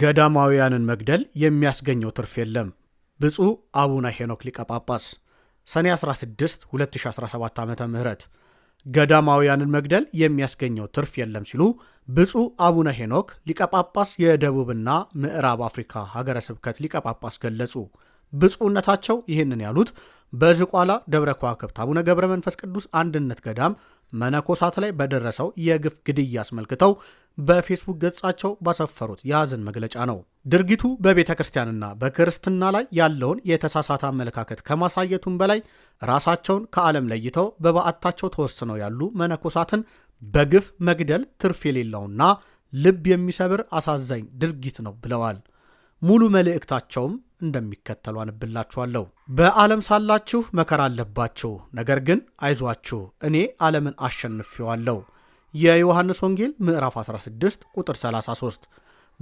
ገዳማውያንን መግደል የሚያስገኘው ትርፍ የለም። ብፁዕ አቡነ ሄኖክ ሊቀ ጳጳስ ሰኔ 16 2017 ዓ ም ገዳማውያንን መግደል የሚያስገኘው ትርፍ የለም ሲሉ ብፁዕ አቡነ ሄኖክ ሊቀ ጳጳስ የደቡብና ምዕራብ አፍሪካ ሀገረ ስብከት ሊቀ ጳጳስ ገለጹ። ብፁዕነታቸው ይህንን ያሉት በዝቋላ ደብረ ከዋክብት አቡነ ገብረ መንፈስ ቅዱስ አንድነት ገዳም መነኮሳት ላይ በደረሰው የግፍ ግድያ አስመልክተው በፌስቡክ ገጻቸው ባሰፈሩት የሐዘን መግለጫ ነው። ድርጊቱ በቤተ ክርስቲያንና በክርስትና ላይ ያለውን የተሳሳተ አመለካከት ከማሳየቱም በላይ ራሳቸውን ከዓለም ለይተው በበዓታቸው ተወስነው ያሉ መነኮሳትን በግፍ መግደል ትርፍ የሌለውና ልብ የሚሰብር አሳዛኝ ድርጊት ነው ብለዋል። ሙሉ መልእክታቸውም እንደሚከተሉ አንብላችኋለሁ። በዓለም ሳላችሁ መከራ አለባችሁ፣ ነገር ግን አይዟችሁ እኔ ዓለምን አሸንፌዋለሁ። የዮሐንስ ወንጌል ምዕራፍ 16 ቁጥር 33።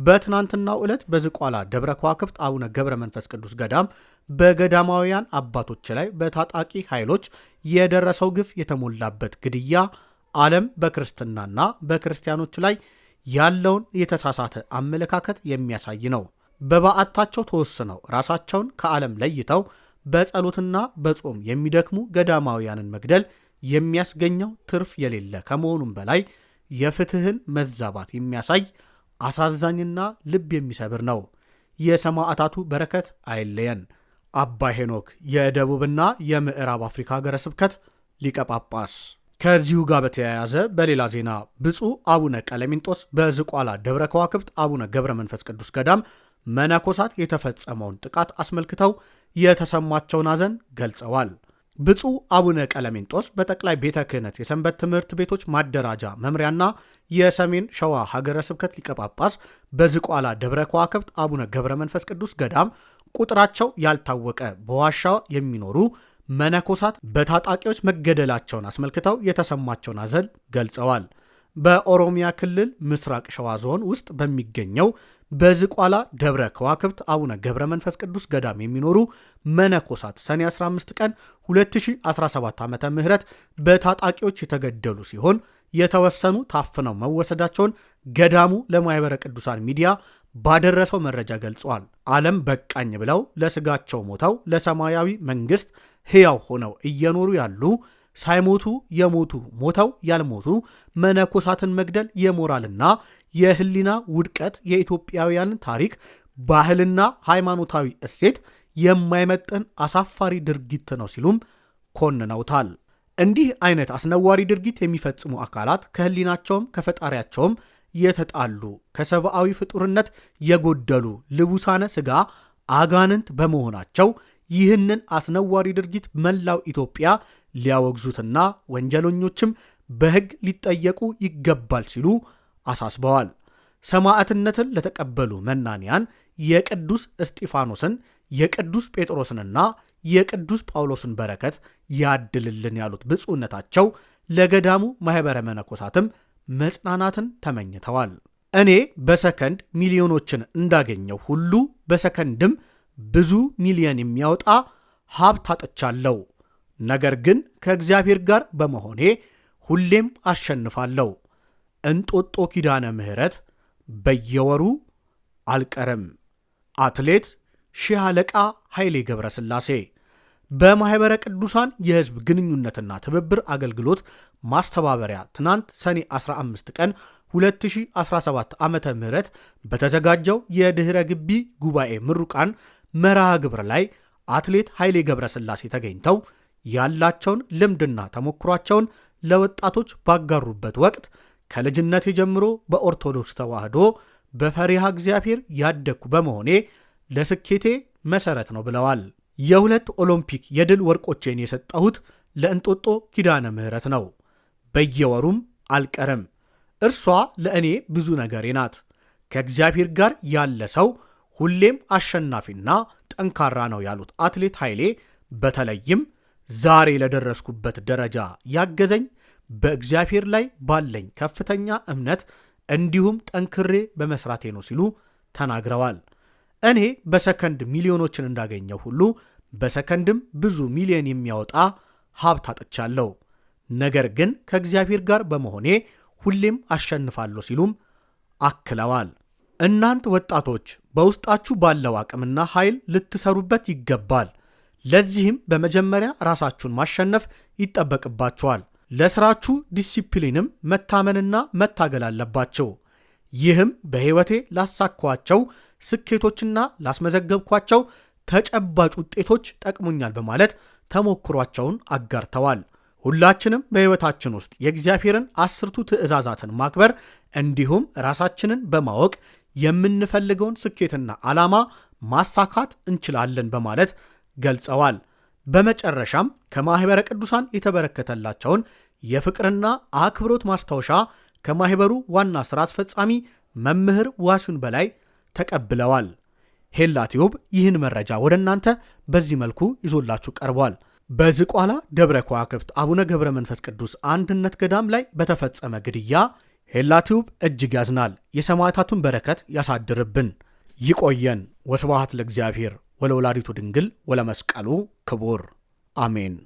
በትናንትናው ዕለት በዝቋላ ደብረ ከዋክብት አቡነ ገብረ መንፈስ ቅዱስ ገዳም በገዳማውያን አባቶች ላይ በታጣቂ ኃይሎች የደረሰው ግፍ የተሞላበት ግድያ ዓለም በክርስትናና በክርስቲያኖች ላይ ያለውን የተሳሳተ አመለካከት የሚያሳይ ነው። በበዓታቸው ተወስነው ራሳቸውን ከዓለም ለይተው በጸሎትና በጾም የሚደክሙ ገዳማውያንን መግደል የሚያስገኘው ትርፍ የሌለ ከመሆኑም በላይ የፍትህን መዛባት የሚያሳይ አሳዛኝና ልብ የሚሰብር ነው። የሰማዕታቱ በረከት አይለየን። አባ ሄኖክ የደቡብና የምዕራብ አፍሪካ ሀገረ ስብከት ሊቀ ጳጳስ። ከዚሁ ጋር በተያያዘ በሌላ ዜና ብፁዕ አቡነ ቀለሚንጦስ በዝቋላ ደብረ ከዋክብት አቡነ ገብረ መንፈስ ቅዱስ ገዳም መነኮሳት የተፈጸመውን ጥቃት አስመልክተው የተሰማቸውን አዘን ገልጸዋል። ብፁዕ አቡነ ቀለሜንጦስ በጠቅላይ ቤተ ክህነት የሰንበት ትምህርት ቤቶች ማደራጃ መምሪያና የሰሜን ሸዋ ሀገረ ስብከት ሊቀጳጳስ በዝቋላ ደብረ ከዋክብት አቡነ ገብረ መንፈስ ቅዱስ ገዳም ቁጥራቸው ያልታወቀ በዋሻ የሚኖሩ መነኮሳት በታጣቂዎች መገደላቸውን አስመልክተው የተሰማቸውን አዘን ገልጸዋል። በኦሮሚያ ክልል ምስራቅ ሸዋ ዞን ውስጥ በሚገኘው በዝቋላ ደብረ ከዋክብት አቡነ ገብረ መንፈስ ቅዱስ ገዳም የሚኖሩ መነኮሳት ሰኔ 15 ቀን 2017 ዓ ም በታጣቂዎች የተገደሉ ሲሆን የተወሰኑ ታፍነው መወሰዳቸውን ገዳሙ ለማኅበረ ቅዱሳን ሚዲያ ባደረሰው መረጃ ገልጿል። ዓለም በቃኝ ብለው ለስጋቸው ሞተው ለሰማያዊ መንግሥት ሕያው ሆነው እየኖሩ ያሉ ሳይሞቱ የሞቱ ሞተው ያልሞቱ መነኮሳትን መግደል የሞራልና የህሊና ውድቀት የኢትዮጵያውያን ታሪክ ባህልና ሃይማኖታዊ እሴት የማይመጥን አሳፋሪ ድርጊት ነው ሲሉም ኮንነውታል። እንዲህ አይነት አስነዋሪ ድርጊት የሚፈጽሙ አካላት ከህሊናቸውም ከፈጣሪያቸውም የተጣሉ ከሰብአዊ ፍጡርነት የጎደሉ ልቡሳነ ስጋ አጋንንት በመሆናቸው ይህንን አስነዋሪ ድርጊት መላው ኢትዮጵያ ሊያወግዙትና ወንጀለኞችም በሕግ ሊጠየቁ ይገባል ሲሉ አሳስበዋል። ሰማዕትነትን ለተቀበሉ መናንያን የቅዱስ እስጢፋኖስን የቅዱስ ጴጥሮስንና የቅዱስ ጳውሎስን በረከት ያድልልን ያሉት ብፁዕነታቸው ለገዳሙ ማኅበረ መነኮሳትም መጽናናትን ተመኝተዋል። እኔ በሰከንድ ሚሊዮኖችን እንዳገኘው ሁሉ በሰከንድም ብዙ ሚሊየን የሚያወጣ ሀብት አጥቻለሁ። ነገር ግን ከእግዚአብሔር ጋር በመሆኔ ሁሌም አሸንፋለሁ። እንጦጦ ኪዳነ ምሕረት በየወሩ አልቀርም። አትሌት ሺህ አለቃ ኃይሌ ገብረስላሴ በማኅበረ ቅዱሳን የሕዝብ ግንኙነትና ትብብር አገልግሎት ማስተባበሪያ ትናንት ሰኔ 15 ቀን 2017 ዓ ም በተዘጋጀው የድኅረ ግቢ ጉባኤ ምሩቃን መርሃ ግብር ላይ አትሌት ኃይሌ ገብረስላሴ ተገኝተው ያላቸውን ልምድና ተሞክሯቸውን ለወጣቶች ባጋሩበት ወቅት ከልጅነቴ ጀምሮ በኦርቶዶክስ ተዋህዶ በፈሪሃ እግዚአብሔር ያደግኩ በመሆኔ ለስኬቴ መሰረት ነው ብለዋል። የሁለት ኦሎምፒክ የድል ወርቆቼን የሰጠሁት ለእንጦጦ ኪዳነ ምህረት ነው። በየወሩም አልቀርም። እርሷ ለእኔ ብዙ ነገሬ ናት። ከእግዚአብሔር ጋር ያለ ሰው ሁሌም አሸናፊና ጠንካራ ነው ያሉት አትሌት ኃይሌ በተለይም ዛሬ ለደረስኩበት ደረጃ ያገዘኝ በእግዚአብሔር ላይ ባለኝ ከፍተኛ እምነት እንዲሁም ጠንክሬ በመስራቴ ነው ሲሉ ተናግረዋል። እኔ በሰከንድ ሚሊዮኖችን እንዳገኘው ሁሉ በሰከንድም ብዙ ሚሊዮን የሚያወጣ ሀብት አጥቻለሁ። ነገር ግን ከእግዚአብሔር ጋር በመሆኔ ሁሌም አሸንፋለሁ ሲሉም አክለዋል። እናንት ወጣቶች በውስጣችሁ ባለው አቅምና ኃይል ልትሰሩበት ይገባል። ለዚህም በመጀመሪያ ራሳችሁን ማሸነፍ ይጠበቅባችኋል። ለስራችሁ ዲሲፕሊንም መታመንና መታገል አለባቸው። ይህም በሕይወቴ ላሳኳቸው ስኬቶችና ላስመዘገብኳቸው ተጨባጭ ውጤቶች ጠቅሙኛል በማለት ተሞክሯቸውን አጋርተዋል። ሁላችንም በሕይወታችን ውስጥ የእግዚአብሔርን አስርቱ ትእዛዛትን ማክበር እንዲሁም ራሳችንን በማወቅ የምንፈልገውን ስኬትና ዓላማ ማሳካት እንችላለን በማለት ገልጸዋል። በመጨረሻም ከማኅበረ ቅዱሳን የተበረከተላቸውን የፍቅርና አክብሮት ማስታወሻ ከማኅበሩ ዋና ሥራ አስፈጻሚ መምህር ዋሲሁን በላይ ተቀብለዋል። ሄላ ቲዩብ ይህን መረጃ ወደ እናንተ በዚህ መልኩ ይዞላችሁ ቀርቧል። በዝቋላ ደብረ ከዋክብት አቡነ ገብረ መንፈስ ቅዱስ አንድነት ገዳም ላይ በተፈጸመ ግድያ ሄላቲውብ እጅግ ያዝናል። የሰማዕታቱን በረከት ያሳድርብን፣ ይቆየን። ወስብሐት ለእግዚአብሔር ወለወላዲቱ ድንግል ወለመስቀሉ ክቡር አሜን።